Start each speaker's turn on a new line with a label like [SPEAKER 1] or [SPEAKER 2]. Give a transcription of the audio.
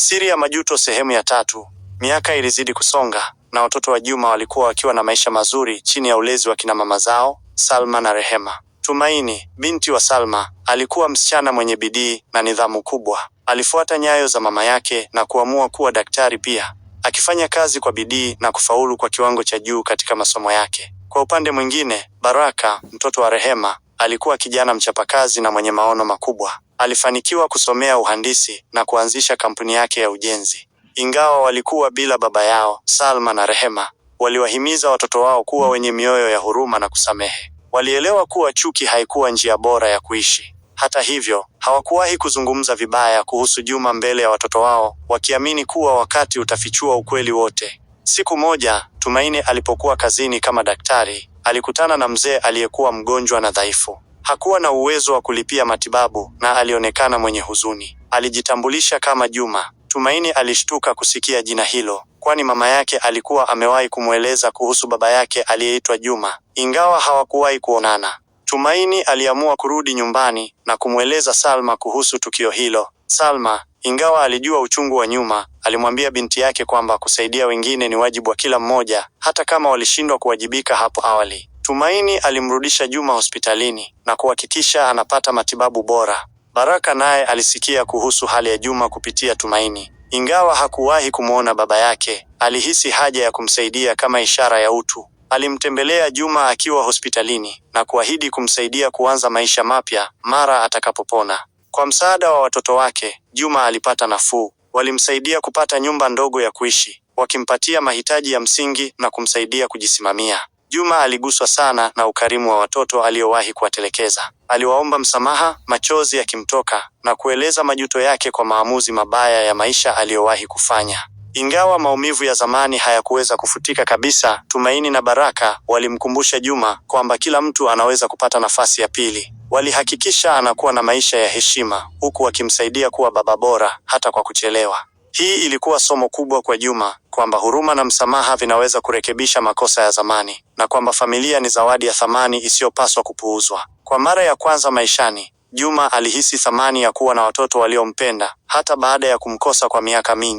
[SPEAKER 1] Siri ya majuto sehemu ya tatu. Miaka ilizidi kusonga na watoto wa Juma walikuwa wakiwa na maisha mazuri chini ya ulezi wa kina mama zao, Salma na Rehema. Tumaini, binti wa Salma, alikuwa msichana mwenye bidii na nidhamu kubwa. Alifuata nyayo za mama yake na kuamua kuwa daktari pia, akifanya kazi kwa bidii na kufaulu kwa kiwango cha juu katika masomo yake. Kwa upande mwingine, Baraka, mtoto wa Rehema, Alikuwa kijana mchapakazi na mwenye maono makubwa. Alifanikiwa kusomea uhandisi na kuanzisha kampuni yake ya ujenzi. Ingawa walikuwa bila baba yao, Salma na Rehema waliwahimiza watoto wao kuwa wenye mioyo ya huruma na kusamehe. Walielewa kuwa chuki haikuwa njia bora ya kuishi. Hata hivyo, hawakuwahi kuzungumza vibaya kuhusu Juma mbele ya watoto wao, wakiamini kuwa wakati utafichua ukweli wote. Siku moja, Tumaini alipokuwa kazini kama daktari, alikutana na mzee aliyekuwa mgonjwa na dhaifu. Hakuwa na uwezo wa kulipia matibabu na alionekana mwenye huzuni. Alijitambulisha kama Juma. Tumaini alishtuka kusikia jina hilo, kwani mama yake alikuwa amewahi kumweleza kuhusu baba yake aliyeitwa Juma, ingawa hawakuwahi kuonana. Tumaini aliamua kurudi nyumbani na kumweleza Salma kuhusu tukio hilo. Salma, ingawa alijua uchungu wa nyuma, alimwambia binti yake kwamba kusaidia wengine ni wajibu wa kila mmoja, hata kama walishindwa kuwajibika hapo awali. Tumaini alimrudisha Juma hospitalini na kuhakikisha anapata matibabu bora. Baraka naye alisikia kuhusu hali ya Juma kupitia Tumaini. Ingawa hakuwahi kumwona baba yake, alihisi haja ya kumsaidia kama ishara ya utu. Alimtembelea Juma akiwa hospitalini na kuahidi kumsaidia kuanza maisha mapya mara atakapopona. Kwa msaada wa watoto wake, Juma alipata nafuu. Walimsaidia kupata nyumba ndogo ya kuishi, wakimpatia mahitaji ya msingi na kumsaidia kujisimamia. Juma aliguswa sana na ukarimu wa watoto aliowahi kuwatelekeza. Aliwaomba msamaha, machozi yakimtoka, na kueleza majuto yake kwa maamuzi mabaya ya maisha aliyowahi kufanya. Ingawa maumivu ya zamani hayakuweza kufutika kabisa, Tumaini na Baraka walimkumbusha Juma kwamba kila mtu anaweza kupata nafasi ya pili. Walihakikisha anakuwa na maisha ya heshima huku wakimsaidia kuwa baba bora hata kwa kuchelewa. Hii ilikuwa somo kubwa kwa Juma kwamba huruma na msamaha vinaweza kurekebisha makosa ya zamani na kwamba familia ni zawadi ya thamani isiyopaswa kupuuzwa. Kwa mara ya kwanza maishani, Juma alihisi thamani ya kuwa na watoto waliompenda hata baada ya kumkosa kwa miaka mingi.